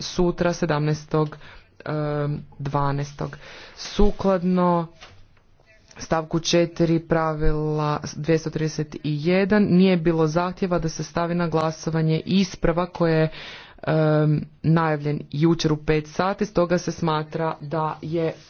sutra 17.12. Sukladno stavku 4 pravila 231 nije bilo zahtjeva da se stavi na glasovanje isprava koje je najavljen jučer u 5 sati, stoga se smatra da je